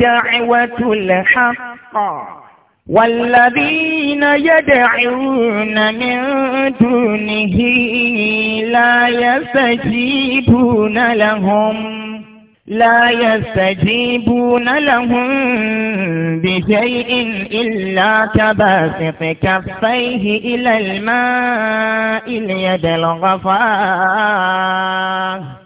دعوة الحق والذين يدعون من دونه لا يستجيبون لهم لا يستجيبون لهم بشيء إلا كباسط كفيه إلى الماء ليدلغ فاه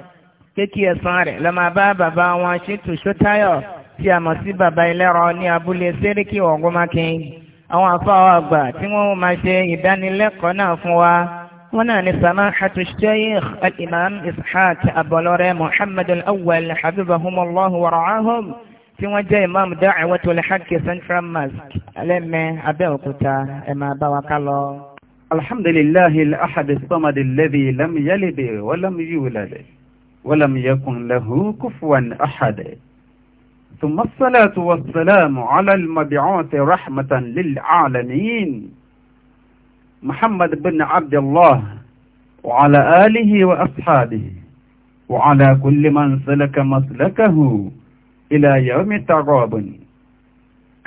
kéèkì ẹ̀sán rẹ̀ lọ máa bá bàbá wọn ṣètò ṣótáyọ̀ tí a mọ̀ sí bàbá ẹlẹ́rọ ní abúlé sẹ́ríkì ọ̀gọ́mákin àwọn afáwọ̀ àgbà tí wọ́n máa ṣe ìdánilẹ́kọ̀ọ́ náà fún wa wọ́n náà ní samahatu sheikh al-imam ishaq abọlọ́rẹ́ muhammad al-awwal habibahumullahu wa ra'ahum tí wọ́n jẹ́ imam da'watul haqq central mosque alẹ́mẹ́ abẹ́òkúta ẹ̀ máa bá wa ká lọ. alhamdulillahi al-ahad as-samad wa lam yulad. ولم يكن له كفوا أحد ثم الصلاة والسلام على المبعوث رحمة للعالمين محمد بن عبد الله وعلى آله وأصحابه وعلى كل من سلك مسلكه إلى يوم التغاب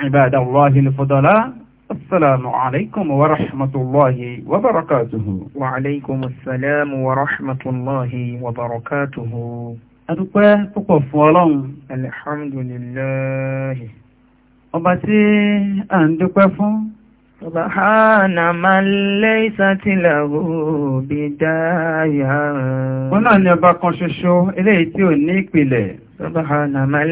عباد الله الفضلاء السلام عليكم ورحمة الله وبركاته وعليكم السلام ورحمة الله وبركاته adúpẹ́ púpọ̀ fún ọlọ́run alhamdulillahi ọba tí a ń dúpẹ́ fún Subhana man laysa lahu bidaya. Wọ́n náà ni ọba kan ṣoṣo, eléyìí tí ò ní ìpìlẹ̀. Subhana man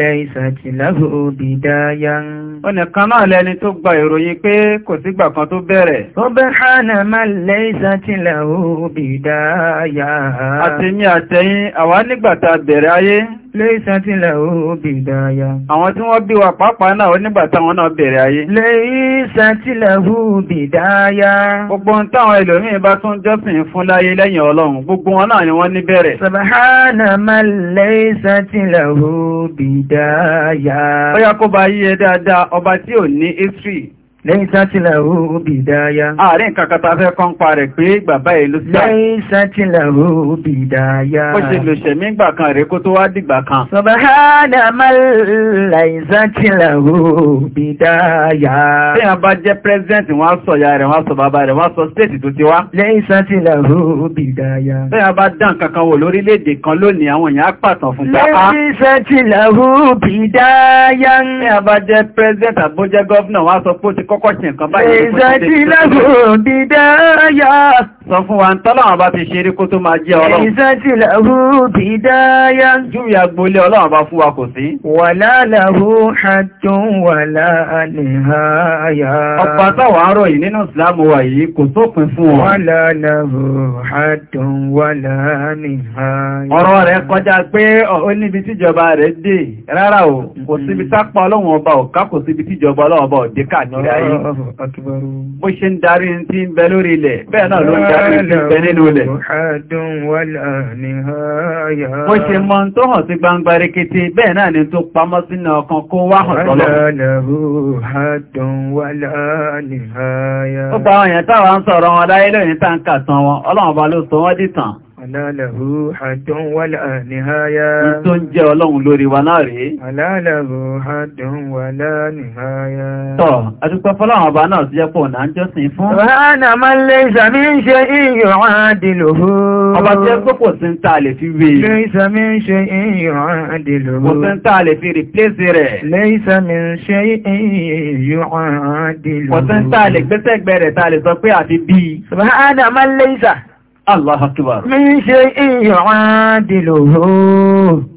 laysat lahu bidayan. Ọ̀nà kan náà lẹni tó gba ìròyìn pé kò sígbà kan tó bẹ̀rẹ̀. Subhana man laysat lahu bidayan. Àti mi àtẹ̀yìn, àwa nígbà tá bẹ̀rẹ̀ ayé, Léìsàn ti lẹ̀ ó bí dáyà. Àwọn tí wọ́n bí wa pàápàá náà nígbà táwọn náà bẹ̀rẹ̀ ayé. Léìsàn ti lẹ̀ ó bí dáyà. Gbogbo ń táwọn ẹlòmíì bá tún jọ́sìn fún láyé lẹ́yìn Ọlọ́run. Gbogbo wọn náà ni wọ́n ní bẹ̀rẹ̀. Sàbáhánà máa léìsàn ti lẹ̀ ó bí dáyà. Ó yá kó lẹ́yìn sátìlà ó bìdáyá ààrẹ nǹkan kata fẹ́ kọ́ ń pa rẹ̀ pé bàbá ìlú sílẹ̀ lẹ́yìn sátìlà ó bìdáyá ó ṣe lò ṣẹ̀mí ìgbà kan rẹ̀ kó tó wá dìgbà kan sọ̀bàhánà lẹ́yìn sátìlà ó bìdáyá tí president wọ́n sọ ya rẹ̀ wọ́n sọ bàbá rẹ̀ wọ́n sọ state tó ti wá lẹ́yìn sátìlà ó bìdáyá tí a bá dá nǹkan kan wò lórílẹ̀-èdè kan lónìí àwọn èèyàn pàtàn president àbójẹ́ gọ́vnà wọ́n sọ pé kọ́kọ́ ṣe nǹkan báyìí. ìzàdí lẹ́gùn bìdáyà. sọ fún wa ń tọ́lọ́wọ́n bá fi ṣeré kó tó máa jẹ́ ọlọ́run. ìzàdí lẹ́gùn bìdáyà. júwì agboolé ọlọ́run bá fún wa kò sí. wàlá lẹ́gùn hajjún wàlá mm-hmm. ọba ọ̀ká kò síbi tíjọba ọlọ́run ọba ọ̀dẹ́kà nílẹ̀ yìí bó ṣe ń darí tí ń bẹ lórí ilẹ̀ bẹ́ẹ̀ náà ló ń darí tí ń bẹ nínú ilẹ̀ bó ṣe mọ́ tó hàn sí gbangba rekete bẹ́ẹ̀ náà ni tó pamọ́ sínú ọkàn kó wá hàn tọ́lọ ó bá wọn yẹn táwọn ń sọ̀rọ̀ wọn láyé lóyìn tá tán wọn ọlọ́run Àlàlàhù àdún wàlà níháyá. Tó ń jẹ́ ọlọ́run lórí wa náà rí. Àlàlàhù àdún wàlà níháyá. Tọ́, àdúpẹ́ fọ́láwọn ọba náà sí ẹpọ̀ náà ń jọ́sìn fún. Ránà máa lè ìsàmí ń ṣe ìyàn àdìlòhó. Ọba tí ẹ gbọ́pọ̀ sí ń tà lè fi wé. Lè ìsàmí ń ṣe ìyàn àdìlòhó. Mo sí ń tà lè fi rìpléṣì rẹ̀. Lè ìsàmí ń ṣe ìyàn àdìlòhó. Mo sí ń tà lè gbẹ́sẹ̀gbẹ́ rẹ̀ tà lè sọ pé àti bíi. Ránà máa lè ìsà. Allah akbar. Min ṣe ìyọ̀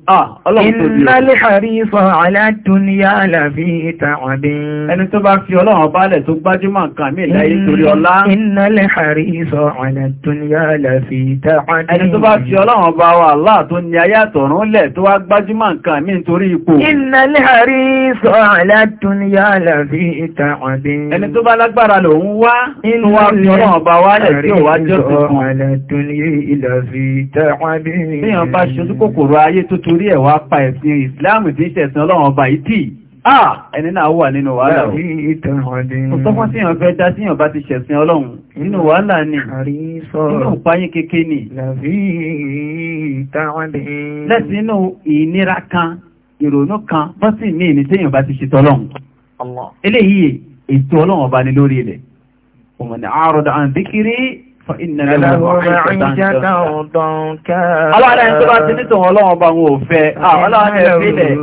Ìnálé àrífà aládúnníyà àlàbí ìtàwàbí. Ẹni tó bá fi ọlọ́run bálẹ̀ tó gbájúmọ̀ nǹkan mí láyé torí ọlá. Ìnálé àrífà aládúnníyà àlàbí ìtàwàbí. Ẹni tó bá fi ọlọ́run bá wà láà tó ní ayé àtọ̀run lẹ̀ tó wá gbájúmọ̀ nǹkan mí torí ipò. Ẹni tó bá lágbára lòun wá inú wa fi ọlọ́run bá wálẹ̀ tí ò wá jọ́ tuntun. Ìnálé àrífà torí ẹ̀ wá pa ẹ̀sìn ìsìláàmù tí ń ṣẹ̀sìn ọlọ́run ọba yìí tì áà ẹni náà wà nínú wàhálà o mo sọ fún síyàn fẹ́ dá síyàn bá ti ṣẹ̀sìn ọlọ́run nínú wàhálà ni nínú ìpáyín kéke ni lẹ́sìn inú ìnira kan ìrònú kan bọ́sì míì ní téèyàn bá ti ṣètò ọlọ́run eléyìí ètò ọlọ́run ọba ni lórí ilẹ̀ òmìnira àròdà àǹdíkiri Ọlọ́run tó bá ti nítò wọn bá wọn ò fẹ́, ah, ọlọ́run ẹ̀ fílẹ̀.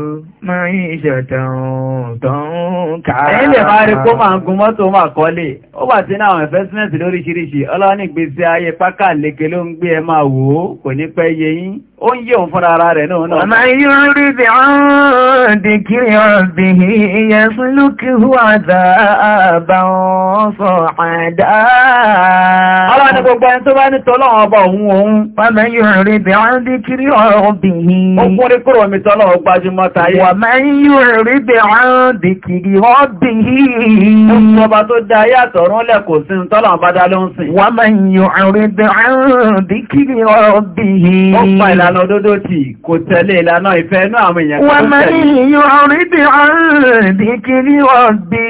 Máyí ìṣẹ̀tàntàntà. Ẹ̀yìn lè máa rí kó máa gun mọ́tò máa kọ́lé, ó bà tí náà investment ó ń yẹ òun fúnra ara rẹ̀ náà náà. Ọmọ yóò rí bí ọ́n dì kiri ọ̀bì yẹ fún lókìhú àdá àbá ọ̀sọ̀ àdá. Ọlá ni gbogbo ẹni tó bá ní tọ́lọ́wọ́ ọba òun òun. Ọmọ yóò rí bí ọ́n dì kiri ọ̀bì yìí. Ó kún rí kúrò mi tọ́lọ́wọ́ gbajúmọ́ táyé. Ọmọ yóò rí bí ọ́n dì kiri ọ̀bì yìí. Ó sọba tó dá ayé àtọ̀rún lẹ̀ kò sí tọ́lọ́wọ́ bá dá ló ń sìn. yóò rí bí ọ́n dì kiri ọ̀bì yìí. Ó ìlànà òdodo tì kò tẹ̀lé ìlànà ìfẹ́ inú àwọn èèyàn kan tẹ̀lé. wọ́n mẹ́rin yóò rí bí ọ̀rìn bí kiri ọ̀bí.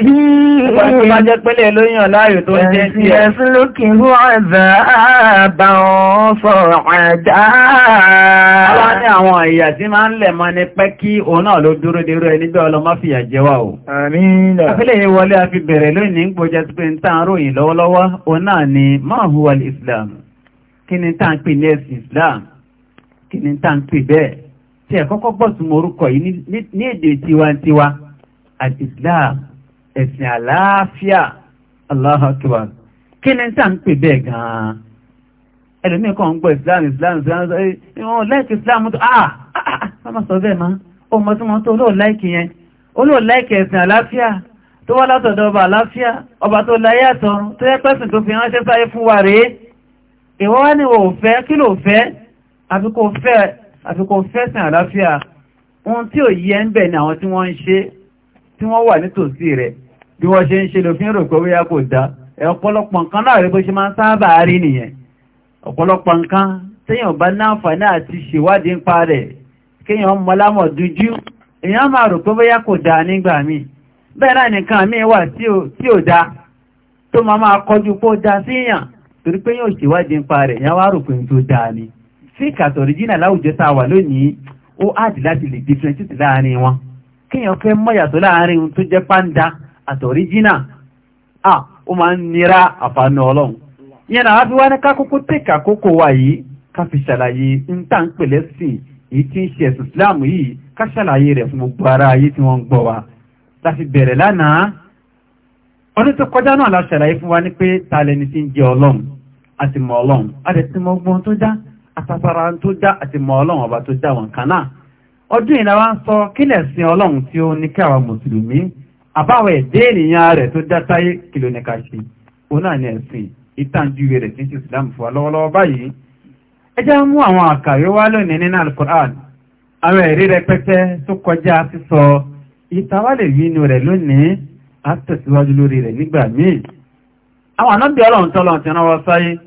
wọ́n tó bá jẹ́ pẹ́lẹ̀ lóyún láàyò tó ń jẹ́ sí ẹ̀. ẹ̀sìn lókè ń wọ́n ẹ̀dá àbá wọn sọ̀rọ̀ ẹ̀dá. wọ́n ní àwọn ìyà tí máa ń lẹ̀ mọ́ ni pé kí òun náà ló dúró dérú ẹni bẹ́ẹ̀ ọlọ́mọ fìyà jẹ wá Islam kí ni tá ń pè ní ẹ̀sìn Islam kí ni tá ń pè bẹ́ẹ̀ tí ẹ̀ kọ́kọ́ bọ̀ sí morúkọ yìí ní èdè tiwantiwa al-Islam ẹ̀sìn àlàáfíà Allahu Akbar kí ni tá ń pè bẹ́ẹ̀ gan-an ẹlòmíì kan ń gbọ́ Islam Islam Islam ìwọ̀n láìkì Islam tó ah ah ah, ah má sọ bẹ́ẹ̀ má ó mọ tí wọ́n tó olóò láìkì yẹn olóò láìkì ẹ̀sìn àlàáfíà tó wá látọ̀dọ̀ ọba àlàáfíà ọba tó láyé àtọ̀run tó yẹ pẹ́sìn tó fi ránṣẹ́ sáyé fún wa rèé ìwọ́n wá ní òfẹ́ kí ló fẹ́ àfikò fẹ́sìn àláfíà ohun tí ò yẹ ń bẹ̀ ní àwọn tí wọ́n ń ṣe tí wọ́n wà nítòsí rẹ̀ bí wọ́n ṣe ń ṣe lò fi ń rò pé wíyá kò dá ọ̀pọ̀lọpọ̀ nǹkan náà rí bó ṣe máa ń sáábà rí nìyẹn ọ̀pọ̀lọpọ̀ nǹkan téèyàn bá náàfàní àti ṣèwádìí ń pa rẹ̀ kéèyàn mọ́lámọ̀ dújú èèyàn máa rò pé bóyá kò dá nígbà míì bẹ́ẹ̀ náà nìkan míì wà tí ò dá tó máa kọjú pé ó dá síyàn torí pé yóò ṣèwádìí pa rẹ̀ èèyàn wá rò pé tó dá ni. fake àti original wà lónìí ó áàdì láti lè differentiate láàrin wọn kéèyàn fẹ́ mọ̀yàtọ̀ láàrin ohun tó jẹ́ panda àti original ah ó máa ń nira àfààní ọlọ́run yẹn náà wáá ní kákókó tèkà kókó wa yìí ká fi ṣàlàyé ń tà ń pèlè èyí tí ń ṣe ẹ̀sùn islam yìí ká ṣàlàyé rẹ̀ fún gbogbo ara ayé tí wọ́n ń gbọ́ wa ta lẹni tí ń àtàtàrà tó dá àti mọ̀ ọlọ́run ọba tó dá wọn kan náà ọdún yìí la wá ń sọ kílẹ̀ sin ọlọ́run tí ó ní kí àwa mùsùlùmí àbáwọ̀ ẹ̀dẹ́ ènìyàn rẹ̀ tó dá táyé kìlò ní ká ṣe òun náà ní ẹ̀sìn ìtànjú rẹ̀ tí ń ṣe ìsìlámù fún wa lọ́wọ́lọ́wọ́ báyìí ẹ jẹ́ mú àwọn àkàwé wá lónìí nínú alukur'an àwọn ẹ̀rí rẹpẹtẹ tó kọjá sísọ ìtawálè wínú rẹ̀ lónìí á lórí rẹ̀ nígbà míì àwọn ànábì tọ́lọ́run ti rán sáyé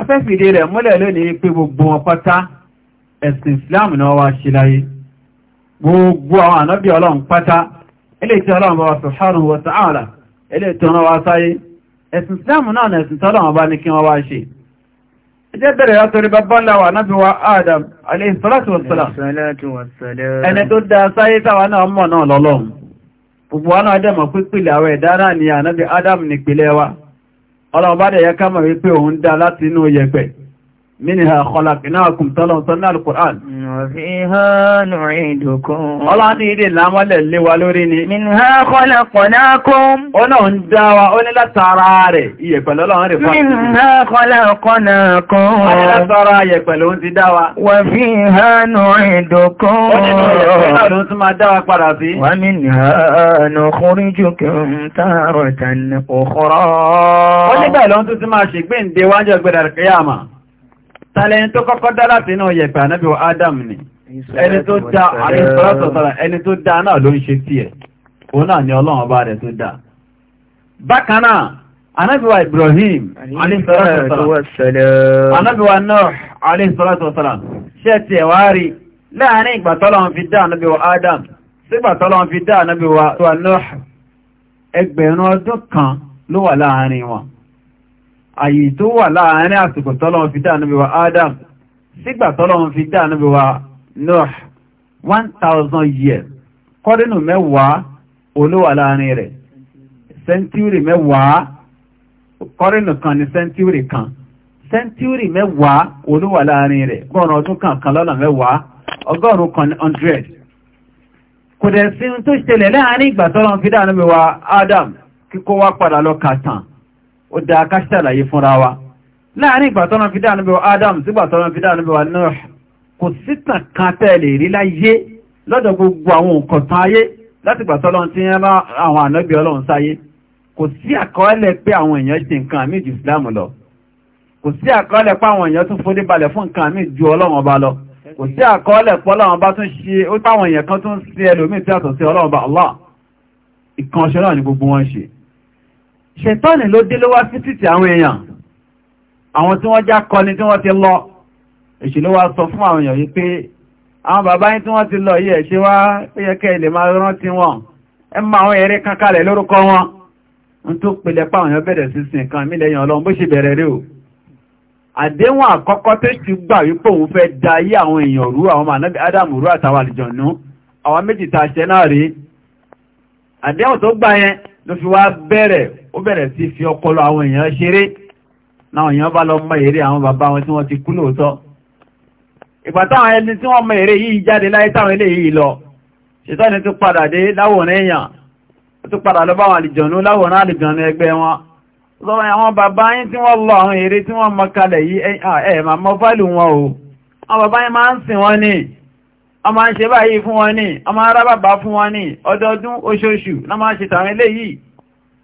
afẹ́fìdé rẹ̀ múlẹ̀ lónìí pé gbogbo wọn pátá ẹ̀sìn islam náà wá ṣe láyé gbogbo àwọn ànábí ọlọ́run pátá ilé tí ọlọ́run bá wa subhanahu wa ta'ala ilé tí wọ́n wá sáyé ẹ̀sìn islam náà nà ẹ̀sìn tọ́lọ́run bá ní kí wọ́n wá ṣe ọlọ́run bá dẹ̀ yẹ ká mọ̀ wípé òun dá láti inú yẹpẹ̀ منها خلقناكم تلوصلنا القرآن وفيها نعيدكم الله نيدي العمل اللي والوريني منها خلقناكم ولون داوة ولا تراري يقبل الله رفاق منها خلقناكم ولا تراري يقبلون دي داوة وفيها نعيدكم ومنها نخرجكم تارة أخرى ولبالون تسمع شكبين ديوان جاك بدار القيامة tàlẹ́yìn tó kọ́kọ́ dá láti inú yẹ̀pẹ̀ ànábì wa Adam ni ẹni tó dá àrísọ́lọ́sọ̀tọ́lá ẹni tó dá náà ló ń ṣe tí ẹ̀ òun náà ni ọlọ́run bá rẹ̀ tó dá bákan náà ànábì wa Ibrahim àrísọ́lọ́sọ̀tọ́lá ànábì wa Nuh àrísọ́lọ́sọ̀tọ́lá ṣẹ́ ti ẹ̀wà rí láàrin ìgbà tọ́lọ́run fi dá ànábì wa Adam sígbà tọ́lọ́run fi dá ànábì wa Nuh ẹgbẹ̀rún ọdún kan ló wà láàrin wọn àyè tó wà láàárín àsìkò tọ́lọ́run fi dá Ànábì wa Adam sígbà tọ́lọ́run fi dá Ànábì wa Nuh 1000 years kọ́dínù mẹ́wàá olówà láàárín rẹ̀ sẹ́ńtúrì mẹ́wàá kọ́dínù kan ní sẹ́ńtúrì kan sẹ́ńtúrì mẹ́wàá olówà láàárín rẹ̀ gbọ́nà ọdún kan kan lọ́nà mẹ́wàá ọgọ́rùn kan ní 100 kò dẹ̀ sí tó ṣẹlẹ̀ láàárín ìgbà tọ́lọ́run fi dá Ànábì wa Adam kíkó wá padà lọ kàtàn ó dá akáṣàlàyé fúnra wa láàrin ìgbàtọ́nà fi dáa níbẹ̀wà Adam sí ìgbàtọ́nà fi dáa níbẹ̀wà Nuh kò sítàn kan tẹ́lẹ̀ rí láyé lọ́dọ̀ gbogbo àwọn nǹkan tán ayé láti ìgbàtọ́lọ́n ti yẹn àwọn ànábì ọlọ́run sáyé kò sí àkọọ́lẹ̀ pé àwọn èèyàn ṣe nǹkan àmì jù Islam lọ kò sí àkọọ́lẹ̀ pé àwọn èèyàn tún forí balẹ̀ fún nǹkan àmì ju ọlọ́run ọba lọ kò sí àkọọ́lẹ̀ pé ọlọ́run ọba tún ṣe ó táwọn èèyàn kan tún sí ẹlòmíì tí àtọ̀ sí ọlọ́run ọba Allah ìkànṣẹ́ náà ni gbogbo wọn ṣe ṣẹ̀tọ́nì ló dé ló wá sí títì àwọn èèyàn àwọn tí wọ́n já kọ ni tí wọ́n ti lọ èṣù ló wá sọ fún àwọn èèyàn yìí pé àwọn bàbá yín tí wọ́n ti lọ yìí ṣe wá yẹ́kẹ́ ilẹ̀ máa rántí wọn ẹ ma àwọn eré kankalẹ̀ lórúkọ wọn n tó pèlẹ̀ pa àwọn èèyàn bẹ̀rẹ̀ sí sin kan mílẹ̀ èèyàn o àdéhùn àkọ́kọ́ tó ti gbà wípé òun fẹ́ da ayé àwọn èèyàn rú àwọn mànábì ádámù rú àtàwọn àlùjọ̀nú àwọn méjì tá fi wá bẹ̀rẹ̀ ó bẹ̀rẹ̀ sí fi ọpọlọ àwọn èèyàn ṣeré náà èèyàn bá lọ mọ èrè àwọn bàbá wọn tí wọ́n ti kú lóòótọ́ ìgbà táwọn ẹni tí wọ́n mọ èrè yìí jáde láyé táwọn eléyìí lọ ṣètọ́ni tún padà dé láwòrán èèyàn ó tún padà lọ bá wọn àlìjọ̀nú láwòrán àlìjọ̀nú ẹgbẹ́ wọn lọ́wọ́ àwọn bàbá yín tí wọ́n lọ àwọn èrè tí wọ́n mọ kalẹ̀ yìí ẹ̀ máa mọ fáìlì wọn o àwọn bàbá yín máa ń sìn wọn ni ọmọ ń ṣe báyìí fún wọn ni ọmọ arábàbà fún wọn ni ọdọọdún oṣooṣù náà máa ń ṣe tàwọn eléyìí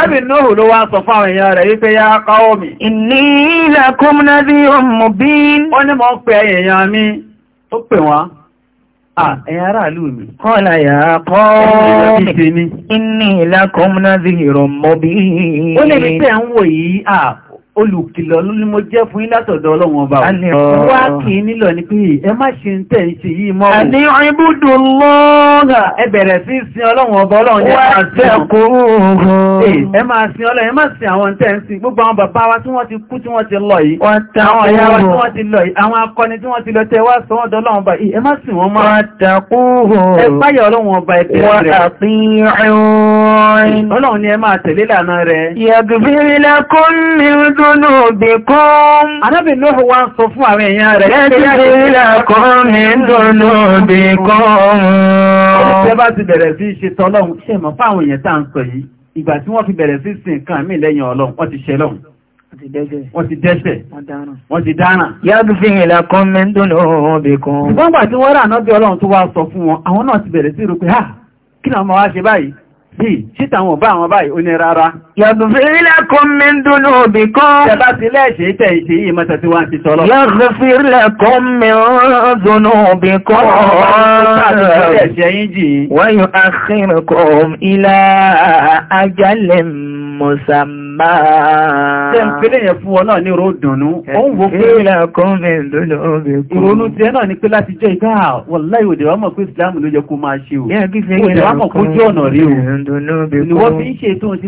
Ànábì Nuhu ló wá sọ fún àwọn èèyàn rẹ̀ wípé yá qaumi. Inni lakum nadhirun mubin. Ó ní mọ́ pé èèyàn mi, ó pè wọ́n. Ẹ̀yà aráàlú mi. Kọ́lá yà qaumi. Inni lakum nadhirun mubin. Ó lè ní pé à ń wò yìí, olùkìlọ̀ ló ní mo jẹ́ fún yín látọ̀dọ̀ ọlọ́run ọba wá kì í nílọ̀ ní pé ẹ má ṣe ń tẹ̀ ń ṣe yìí mọ́ àní ibùdó lọ́ọ̀gà ẹ bẹ̀rẹ̀ sí sin ọlọ́run ọba ọlọ́run jẹ́ máa sin ọ̀hún ẹ máa sin ọlọ́run ẹ má sin àwọn tẹ̀ ń sin gbogbo àwọn bàbá wa tí wọ́n ti kú tí wọ́n ti lọ yìí àwọn ìyá wa tí wọ́n ti lọ yìí àwọn akọni tí wọ́n ti lọ tẹ́ wá sọ wọ́n dọ́lọ́run ọba ẹ má sin wọn mọ́ ẹ páyọ̀ ọlọ́run ọba ẹ tẹ̀lé rẹ̀ ọlọ́run ni ẹ máa tẹ̀lé lànà rẹ̀ yàgbìfìrìlà kó ń mi rúdú ذنوبكم Ànábì Nuhu wá ń sọ fún àwọn èèyàn rẹ̀ ìgbà tí wọ́n fi bẹ̀rẹ̀ sí sin kan mí lẹ́yìn Ọlọ́run, wọ́n ti ṣe lọ́hun. Wọ́n ti dẹ́ṣẹ̀. Wọ́n ti dáná. Yaghfir lakum min dhunubikum. Ìgbọ́ngbà tí wọ́n rà náà bí Ọlọ́run tó wá sọ fún wọn, àwọn náà ti bẹ̀rẹ̀ sí rú pé, yìí síta àwọn ọba àwọn báyìí ó ní rárá. Yaghfir lakum min dhunubikum. Ṣẹba ti lẹ́ẹ̀ṣẹ̀ ìtẹ̀ ìṣe yìí mọ́ta tí wọ́n ti sọ́lọ́. Yaghfir lakum min dhunubikum. Wa yu'akhirukum ila ajalin musamma. Ṣé ń pèlè yẹn fún ọ náà ní oró dùnú? Ó ń wo pé ìrònú ti ẹ náà ni pé láti jẹ́ ìgbà wọ̀láì òdè wà pé ìsìlámù ló yẹ kó máa ṣe o. Òdè wà mọ̀ kó jẹ́ ọ̀nà rí o. Ìwọ́n fi ń ṣe tó ń ṣe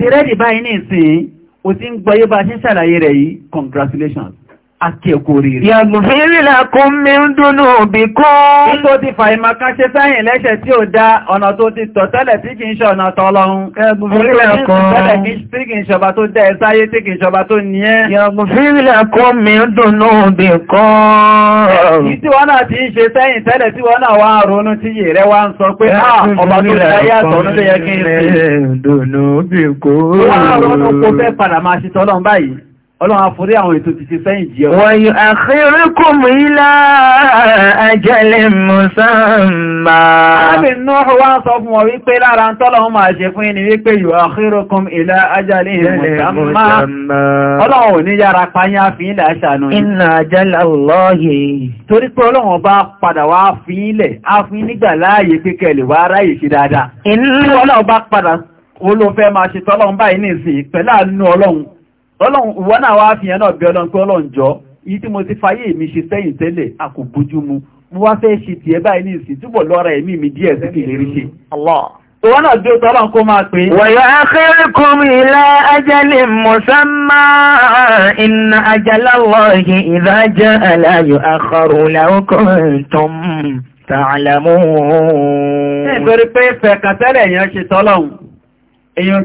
ti rẹ́dì báyìí ní ìsìn o ti ń gbọ́yé bá ṣe ṣàlàyé rẹ̀ yìí congratulations àti ẹ̀kọ́ rere. Yàgùnfẹ́rìlà kó mi ń dúnú òbí kọ́. Ní tó fàìmà ká ṣe lẹ́ṣẹ̀ tí ó dá ọ̀nà tó ti tọ̀ tẹ́lẹ̀ tí kìí ṣe ọ̀nà tọ́lọ́run. Yàgùnfẹ́rìlà kọ́ mi ń dúnú òbí kọ́. Ìtí wọ́n náà ti ń ṣe sẹ́yìn tẹ́lẹ̀ tí wọ́n náà wá ronú tí yè rẹ wá ń sọ pé ah, ọba tó ṣayé àtọ̀ tó yẹ kí n ṣe. Yàgùnfẹ́rìlà kọ́ mi ń dúnú òbí kọ́. Ọlọ́run àforí àwọn ètò ti ṣe sẹ́yìn jí ọ. Wa yu'akhirukum ila ajalin musamma. Àbí Nuhu wá sọ fún wọn wípé lára ń tọ́lọ́run máa ṣe fún ẹni wípé yu'akhirukum ila ajalin musamma. Ọlọ́run ò ní yára fi ilẹ̀ aṣàánú. Inna ajala Allahi. Torí pé Ọlọ́run bá padà wá fi ilẹ̀, á fi nígbà láàyè kékẹ́ lè wá ráyè ṣe dáadáa. Inna Ọlọ́run bá padà olófẹ́ máa ṣe tọ́lọ́run ní ìsìn pẹ̀lú ọlọ́run ìwọ náà wá fi ẹ̀nà bí ọlọ́run pé ọlọ́run jọ yìí tí mo ti fayé mi ṣe sẹ́yìn tẹ́lẹ̀ a mu mo wá fẹ́ ṣe tiẹ̀ báyìí ní ìsìn túbọ̀ lọ́ra ẹ̀mí mi díẹ̀ sí kìí rí ṣe ìwọ náà dé ọlọ́run kó máa pé wọ̀yọ̀ akẹ́rẹ́kùn ila ajalin musamma inna ajalallahi idha jaa la yu'akhkharu law kuntum ta'lamun. nítorí pé fẹ̀kàtẹ́lẹ̀ èèyàn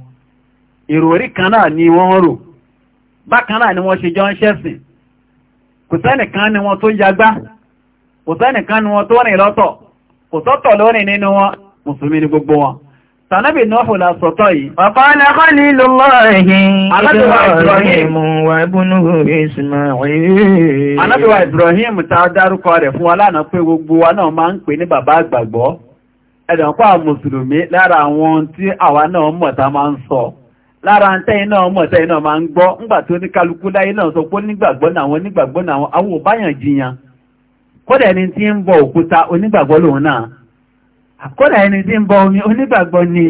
ìròrí kan náà ni wọ́n rò bákan náà ni wọ́n ṣe jọ ń ṣẹ̀sìn kò sẹ́nìkan ni wọ́n tó yagbá kò sẹ́nìkan ni wọ́n tó rìn lọ́tọ̀ kò sọ́tọ̀ lónìí nínú wọn mùsùlùmí ni gbogbo wọn Tànábì Nuhu la sọ̀tọ̀ yìí. Ọ̀pọ̀lá Ibrahim ta dárúkọ rẹ̀ fún wa pé gbogbo wa náà máa ń pè ní bàbá àgbàgbọ́. Ẹ̀dọ̀pá Mùsùlùmí lára àwọn tí àwa náà mọ̀ta máa ń sọ. lára ntẹ́ náà ọmọ tẹ́yìn náà ma ń gbọ́ ńgbà tó ní kálukú láyé náà sọ pé nígbàgbọ́ náà onígbàgbọ́ náà àwọn òbáyàn jiyàn ẹni tí ń bọ òkúta onígbàgbọ́ lòun náà ẹni tí ń bọ omi onígbàgbọ́ ni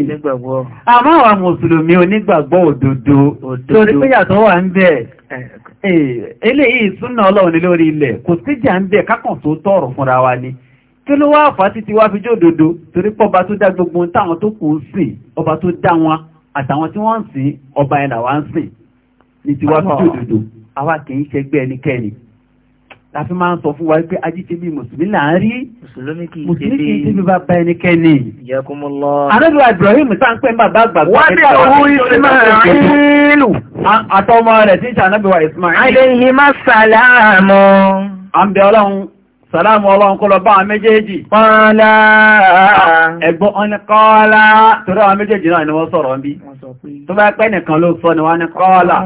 àmọ́ àwọn mùsùlùmí onígbàgbọ́ torí pé yàtọ̀ wà ń bẹ̀ eléyìí súnà ọlọ́run lórí ilẹ̀ kò síjà ń bẹ̀ kákàn tó wa ni kí ló wá títí wá ọba tó dá gbogbo táwọn tó kù ń sìn ọba tó dá wọn àtàwọn tí wọ́n ń sìn ọba ẹ̀nà wá ń sìn ní tiwa tó dòdò àwa kì í ṣẹgbẹ́ ẹnikẹ́ni láti máa ń sọ fún wa pé ajíṣe bí mùsùlùmí là ń rí mùsùlùmí kì í ṣe bí bàbá ẹnikẹ́ni. àdúrà Ibrahim sáńpẹ́ bàbá àgbà. wọ́n ní àwọn Ismail. àtọmọ rẹ̀ tí ń ṣànábìwá Ismail. àlè yìí má sàlámù. à ń bẹ ọlọ́run Sàlámù ọlọ́run kó lọ bá àwọn méjèèjì. Kọ́lá. Ẹgbọ́n ọni kọ́lá. Torí àwọn méjèèjì náà ni wọ́n sọ̀rọ̀ ń bí. Tó bá pẹ́ nìkan ló sọ ni wọ́n ni kọ́lá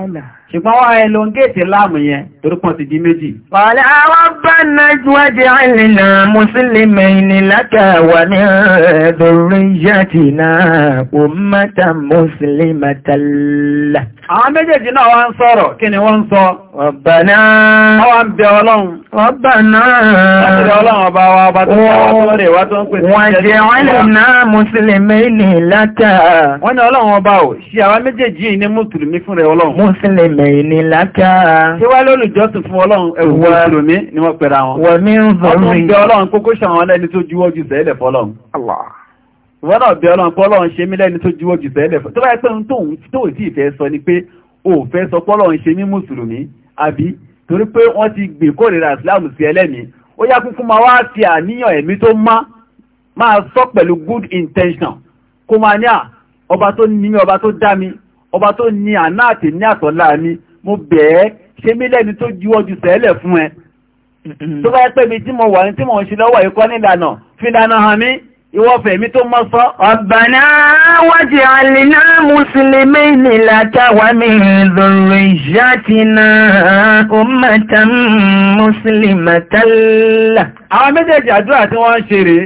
ṣùgbọ́n wá elongate láàmù yẹn torípọ̀ ti di méjì. Qala rabbana waj'alna muslimayni laka wa min dhurriyyatina ummatan muslimatan Àwọn méjèèjì náà wá ń sọ̀rọ̀ ni wọ́n ń sọ? Rabbana. Wọ́n ń bẹ ọlọ́run. Rabbana. Láti rẹ ọlọ́run wá ń pèsè. Waj'alna muslimayni Wọ́n ní ọlọ́run ọba ò ṣe àwọn méjèèjì ní Mùsùlùmí ìní lákà. Ṣé wá lólùjọ́sìn fún ọlọ́run ẹ̀wù mùsùlùmí ni wọ́n pẹ̀ra wọn? Wọ́n mi ń zọrí. Ọdún bẹ ọlọ́run kókó ṣàwọn lẹ́ni tó juwọ́ ju sẹ́lẹ̀ fọlọ́run. Wọ́n náà bẹ ọlọ́run pọ́lọ́run ṣe mí lẹ́ni tó juwọ́ ju sẹ́lẹ̀ fọlọ́run. Tó bá yẹ pé ohun tó ò tí ì fẹ́ sọ ni pé o ò fẹ́ sọ pọ́lọ́run ṣe mí mùsùlùmí àbí torí pé wọ́n ti gbè kórìíra ìsìláàmù sí ẹlẹ́mìí. Ó yá kúkú máa wá ti àníyàn ẹ̀mí tó má máa sọ pẹ̀lú good intention kó máa ní à ọba tó ní mi ọba tó dá mi ọba tó ní àná àti ní àtọ́lá mi mo bẹ̀ ẹ́ ṣe mí lẹ́ni tó juwọ́ ju sẹ́lẹ̀ fún ẹ mm-hmm. tó bá pẹ́ mi tí mo wà ní tí mo ń ṣe lọ́wọ́ ikọ́ nílànà fi dáná hàn mí ìwọ́fẹ̀ mi tó mọ́ sọ. ọ̀bàná wájì àlìná mùsùlùmí ní látàwà mi ìzòrò ìṣàtìná ummatan muslimatan. àwọn méjèèjì àdúrà tí wọ́n ń ṣe rèé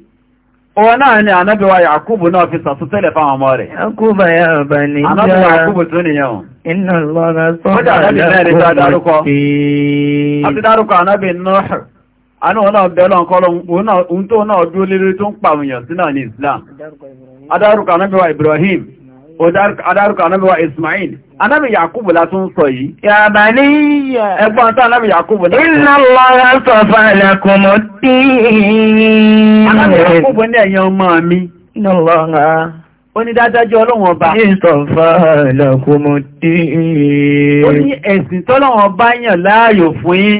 Ọwọ́ náà ni ànábíwa Yàkúbù náà fi sàtútẹ́lẹ̀ fáwọn ọmọ rẹ̀. Yàkúbà ya ọba ní ìjá. Ànábíwa Yàkúbù tó nìyàn. Iná lọ́ra sọ́rọ̀ lọ́pọ̀ Adarúkà náà bí wa Ibrahim, adarúkà náà bí wa Ismail, Anábì Yakubu la tún sọ yìí. Yàbà ní yà. Ẹgbọ́n tán Anábì Yakubu náà. Inna Allaha safa lakumud-din. Anábì Yakubu ní ẹ̀yàn ọmọ mi. Inna Allaha. Ó ní dájájọ́ ọlọ́run ọba. Safa lakumud-din. ẹ̀sìn tọ́lọ́run ọba yàn láàyò fún yín.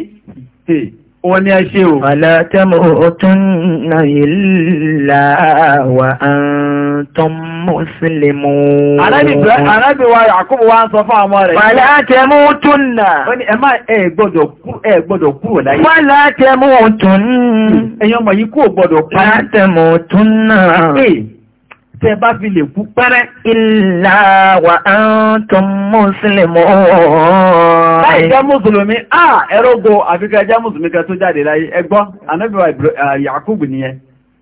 Wọ́n ní ẹ ṣe o. Fala tamutunna illa wa an muslimun. Arábì wa Yakubu wa ń sọ fún ọmọ rẹ̀. Fala tamutunna. Ó ní ẹ máa ẹ gbọ́dọ̀ kú ẹ gbọ́dọ̀ kúrò láyé. Fala tamutunna. Ẹ̀yin ọmọ yìí kò gbọ́dọ̀ pa. Fala tamutunna. Ee tẹ bá fi lè kú pẹ́rẹ́. Illa wa antum muslimun. Láì jẹ́ Mùsùlùmí, ah ẹrógo àfikẹ́ Mùsùlùmí kan tó jáde láyé ẹgbọ́n, ànábì wa nìyẹn,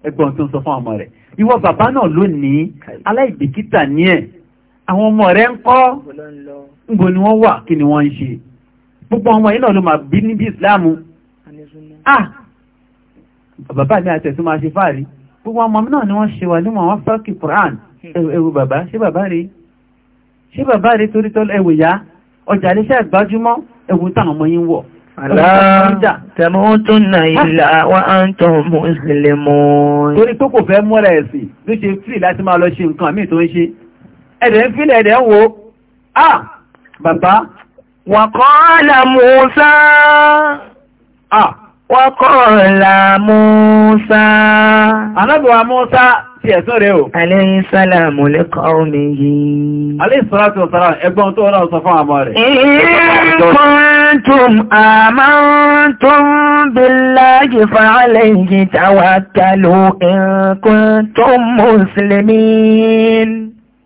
ẹgbọ́n tó ń sọ fún ọmọ rẹ̀ ìwọ bàbá náà lónìí aláìbìkítà ní ẹ̀ àwọn ọmọ rẹ̀ ń kọ́ ńgbò ni wọ́n wà kí ni wọ́n ń ṣe gbogbo ọmọ yìí náà ló máa bí níbi ìsìláàmù ah bàbá mi àtẹ̀sùn máa ṣe fáàrí gbogbo ọmọ náà ni wọ́n ṣe wà ní wọ́n fẹ́kì Quran ẹwù bàbá ṣé bàbá rí ṣé bàbá rí torítọ́ ẹwù yá ọjà lè ṣe àgbájúmọ́ ẹwù táwọn ọmọ yìí ń wọ̀ tẹ̀mọ́túnnà ilẹ̀ wa antum muslimun. torí tó kò fẹ́ mọ́ra ẹ̀sìn ló ṣe fíì láti máa lọ ṣe nǹkan àmì tó ń ṣe ẹ̀dẹ̀ ń wo ah bàbá wàkọ́ọ̀lá Musa ah wàkọ́ọ̀lá Musa anábìwà Musa tí ẹ̀sọ́ rẹ̀ o. Alayhi salamu li qawmihi. Alayhi salatu wa salam ẹgbọ́n tó ọlọ́run sọ fún àmọ́ rẹ̀. In kuntum amantum billahi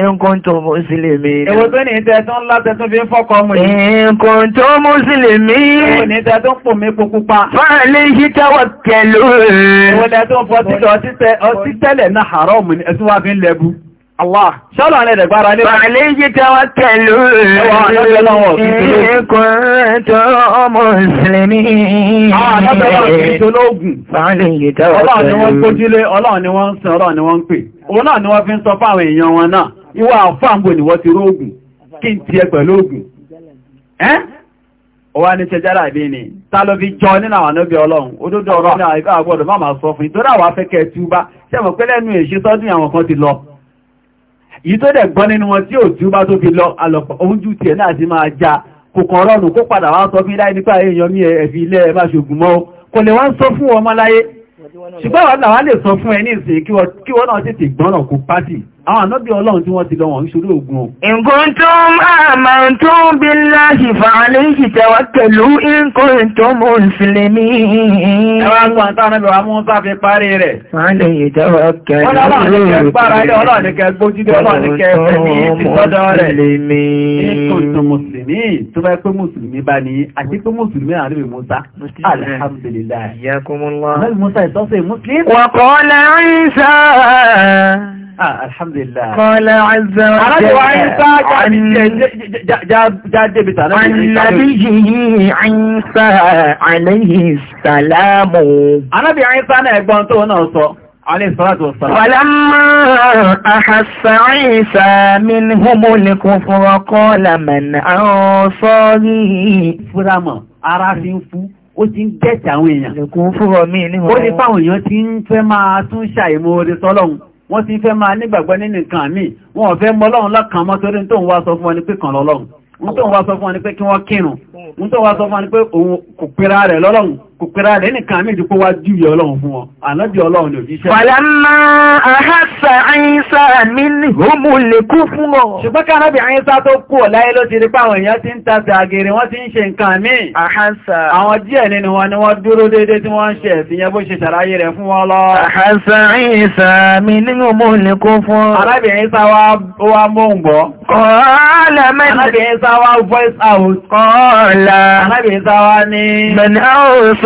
ẹnkọ́ntọ́ mùsùlùmí ẹwọ tó ní ìtẹ́tún látẹ́tún fi ń fọ́kọ́ mú yìí ẹnkọ́ntọ́ mùsùlùmí ẹwọ ní ìtẹ́tún pò mí pò pupa fáàlé yí tẹ́wọ̀ tẹ̀lú ẹwọ lẹ́tún fọ́ títẹ́ ọtí tẹ́lẹ̀ náà haramu ni ẹ̀sùn wá fi ń lẹ́bú Allah. Ṣọ́lọ̀ alẹ́ ẹ̀dẹ̀gbára ní bá. Àlé yí tẹ́ wá tẹ̀lú ẹ̀kùnrẹ́tọ́ mùsùlùmí. Àlé yí tẹ́ wá tẹ̀lú. Ọlọ́run ni wọ́n ń pè. Òun náà ni wọ́n fi ń sọ fáwọn èèyàn wọn náà ìwà àfáàmbò ni wọ́n ti rógùn kí n ti ẹ pẹ̀lú ògùn ẹ́ ọwá ní ṣẹjára ìbí ni tálọ́bí jọ nínú àwọn ànábì ọlọ́run odódó ọ̀rọ̀ ní àìkọ́ àgbọ̀dọ̀ má máa sọ fún ìtọ́rọ àwọn afẹ́kẹ́ túbá sẹ́mọ̀ pé lẹ́nu èṣe sọ́dún àwọn kan ti lọ yìí tó dẹ̀ gbọ́ nínú wọn tí ò túbá tó fi lọ alọ̀pọ̀ oúnjú tiẹ̀ náà ti máa ja kò kàn rọrùn kó padà wá sọ fún láì nípa èèyàn mí ẹ̀fì ilé ẹ̀ ṣògùn mọ́ kò lè wá ń sọ fún ọmọ láyé ṣùgbọ́n wọn làwọn lè sọ fún ẹ ní ìsìn kí wọn náà tètè gbọ́nà kó pátì àwọn ànábí ọlọ́run tí wọ́n ti lọ wọ̀n ṣorí ogun o. nǹkan tó máa tó bí láti fà aléjì tẹwà pẹ̀lú nǹkan tó mọ́ ìsìnlẹ̀ ní ẹwà tó ànábí wa mú sáfẹ́ parí rẹ̀. aléjì tẹwà pẹ̀lú ọlọ́run ní kẹgbára ilé ọlọ́run ní kẹgbójúdé ọlọ́run ní kẹfẹ́ ní ìtìsọ́dọ̀ rẹ̀. nǹkan tó mùsùlùmí tó bá pé mùsùlùmí bá ní àti pé mùsùlùmí àríwì musa alhamdulillah. wàkọ́lá ń sáà alhamdulillah. Kọ́lá àzà ọ̀jẹ́ Ànábì yìí Àyínsá alayhi sàlámù. Ànábì Àyínsá náà ẹgbọ́n tó náà sọ. عليه الصلاة والسلام فلما أحس عيسى منهم الكفر قال من أنصاري فراما أرافين فو ó ti ń gẹ́ẹ̀tì àwọn èèyàn. lẹ́kùn fúnrọ̀ mí ní ọ̀rọ̀ ó ní fáwọn èèyàn ti ń fẹ́ máa tún ṣàìmọ̀ orí sọ́lọ́run wọ́n ti fẹ́ máa nígbàgbọ́ nínú nǹkan míì wọ́n fẹ́ mọ Ọlọ́run lọ́kàn mọ́ torí tó ń wá sọ fún wọn ni pé kàn lọ́lọ́run tó ń wá sọ fún wọn ni pé kí wọ́n kírun tó ń wá sọ fún wọn ni pé òun kò pera rẹ̀ lọ́lọ́run kòkòrò rẹ̀ nìkan méjì kó wá júwẹ́ ọlọ́run fún wọn ànábì ọlọ́run ní òjíṣẹ́. fàlámà àhásà àyínsá mi ní homo lè kú fún ọ. ṣùgbọ́n ká náàbì àyínsá tó kú ọ̀ láyé ló ti rí páwọn èèyàn ti ń tasẹ̀ àgèrè wọ́n ti ń ṣe nǹkan míì. àhásà àwọn díẹ̀ nínú wọn ni wọ́n dúró déédéé tí wọ́n ń ṣe ẹ̀sìn yẹn bó ṣe ṣàlàyé rẹ̀ fún wọn lọ. àhásà àyínsá mi ní homo lè kú fún ọ. arábìnrin sá wa mú ń gbọ́. kọ́ọ̀lá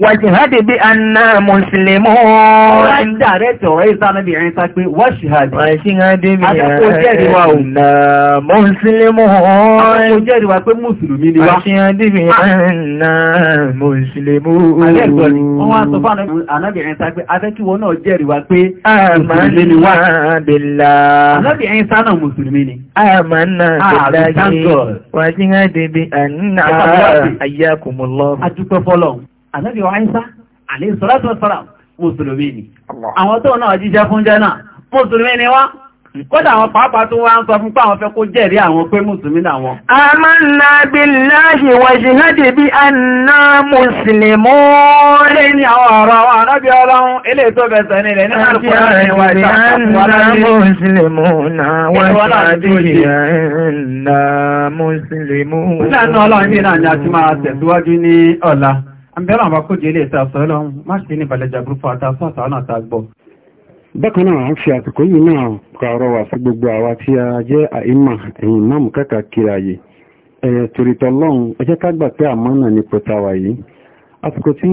wàjìhádì bí anna mùsùlùmí wọ́n dàrẹ́ tọ̀rọ ìsáàmì ìrìn ta pé wàṣìhádì wàṣìhádì bí anna mùsùlùmí wọ́n jẹ́rìí wa pé mùsùlùmí ni wá wàṣìhádì bí ah. anna mùsùlùmí wọ́n wá sọ fún anábìnrin ta pé afẹ́kíwọ́ náà jẹ́rìí wa pé mùsùlùmí ni wá anábìnrin sánà mùsùlùmí ni àmàna ah, bẹ̀láyé wàṣìhádì bí anna ayyakumullah ànábì wa Ìsá alayhi salatu wassalam mùsùlùmí ni àwọn tó náà jíjẹ fún jẹ́ náà mùsùlùmí ni wá kódà àwọn pàápàá tó wá ń sọ fún pé àwọn fẹ́ kó jẹ́rí àwọn pé mùsùlùmí làwọn. amanna billahi wa jihadi bi anna muslimun. ilé ní àwọn ọ̀rọ̀ àwọn arábí ọlọ́run ilé tó fẹsẹ̀ ní ilẹ̀ nínú àlùkò rẹ̀ wà ìṣàkóso aláàbí. anna muslimun náà àbẹ́rẹ̀ àwọn akójẹ ilé ìta sọ lọ́wọ́ má ṣe ní balẹ̀ jàgbó fún ata sọ́ọ̀tà ọ̀nà àta gbọ́. bákan náà ń fi àsìkò yìí náà pààrọ̀ wà fún gbogbo àwa tí a jẹ́ àìmà ẹ̀yìn máàmù káàkiri àyè ẹ̀yẹ torítọ̀ lọ́hùn ẹ jẹ́ ká gbà pé àmọ́ náà ní pẹ̀ta wà yìí àsìkò tí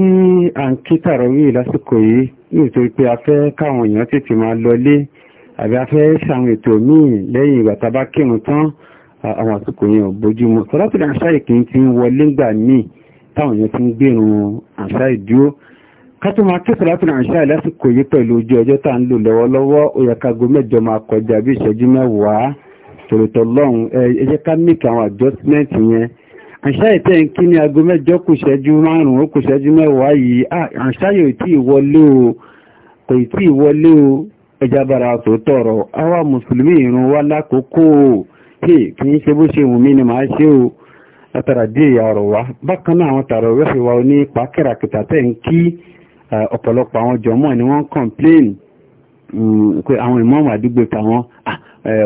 à ń kí tààrọ̀ yìí lásìkò yìí nítorí pé a fẹ́ káwọn èèyàn táwọn èèyàn ti ń gbèrún àṣà ìdúró kátó máa kí sọ̀rọ̀ àfihàn àṣà ìlásìkò yìí pẹ̀lú ojú ọjọ́ tá ń lò lọ́wọ́lọ́wọ́ ó yẹ kágo mẹ́jọ máa kọjá bí ìṣẹ́jú mẹ́wàá tòrótọ́ lọ́hùn ẹ jẹ́ ká mìkì àwọn adjustment yẹn àṣà ìtẹ́ ń kí ní aago mẹ́jọ kù ṣẹ́jú márùn-ún ó kù ṣẹ́jú mẹ́wàá yìí àṣà yóò tí ì wọlé o ẹja bára tó tọ̀rọ̀ àwa mùsùlùmí ìrun wa lákòókò kì í ṣe bó ṣe wù mí ni màá ṣe o látara díẹ̀ ìyá ọ̀rọ̀ wa bákan náà àwọn tààrọ̀ wẹ́fì wa ní ipa kẹ́ràkìtà tẹ̀ ń kí ọ̀pọ̀lọpọ̀ àwọn jọmọ́ ni wọ́n kọ̀ǹpléìn mm, pé àwọn ìmáàmù àdúgbò tàwọn ah,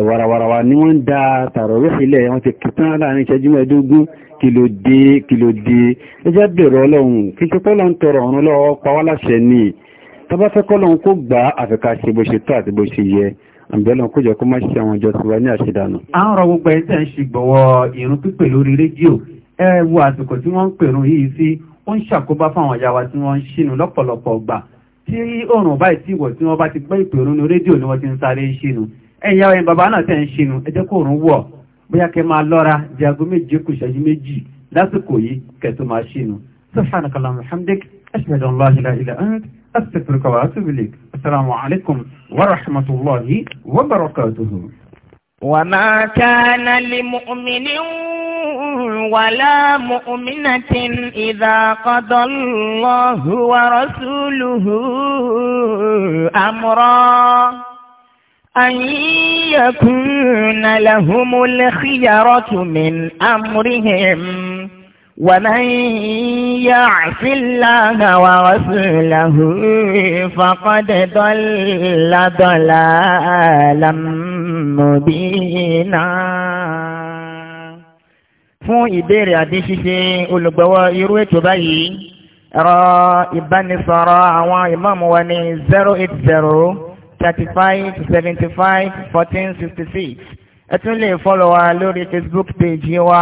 warawarawa ni wọ́n ń da tààrọ̀ wẹ́fì lẹ̀ wọ́n ti kí tán láàrin ìṣẹ́jú mẹ́ẹ̀ẹ́dógún kí ló dé kí ló dé ẹ jẹ́ bẹ̀rẹ̀ ọlọ́run kí n ṣe pọ́lọ́ ń tọrọ ọ̀run lọ́wọ́ pa láṣẹ ni tọ́bá fẹ́ kọ́lọ́run kó gbà á àfikà ṣe bó ṣe tó àti bó ṣe yẹ àbẹ̀lọ́n kójọ kó má ṣe àwọn ìjọ tí wá ní àṣìdànù. a ń rọ gbogbo ẹ̀ tẹ́ ń ṣe gbọ̀wọ́ ìrun pípè lórí rédíò ẹ wo àsìkò tí wọ́n ń pèrún yìí sí ó ń ṣàkóbá fáwọn ìyá wa tí wọ́n ń ṣìnú lọ́pọ̀lọpọ̀ ọgbà tí òòrùn báyìí tí wọ̀ tí wọ́n bá ti gbọ́ ìpèrún ní rédíò ni wọ́n ti ń sáré ṣìnú ẹ̀yà ẹ̀yìn bàbá náà tẹ́ ń ṣìnú ẹ jẹ́ kó òòrùn wọ̀ bóyá kẹ́ máa lọ́ra di aago méje kù ìṣẹ́jú méjì lásìkò yìí kẹ́tó máa ṣìnú. sọ́fàánù kàlámù hamdik ashhadu an la ilaha illa ant astaghfiruka wa atubu ilayk والسلام عليكم ورحمة الله وبركاته وما كان لمؤمن ولا مؤمنة إذا قضى الله ورسوله أمرا أن يكون لهم الخيرة من أمرهم ومن يعص الله ورسوله فقد ضل ضلالا مبينا fún ìbéèrè àti ṣíṣe olùgbọ́wọ́ irú ètò báyìí ẹ̀rọ ìbánisọ̀rọ̀ àwọn ìmáàmù wa ní 080 35 75 14 66 ẹ tún lè fọ́lọ̀ wa lórí Facebook page wa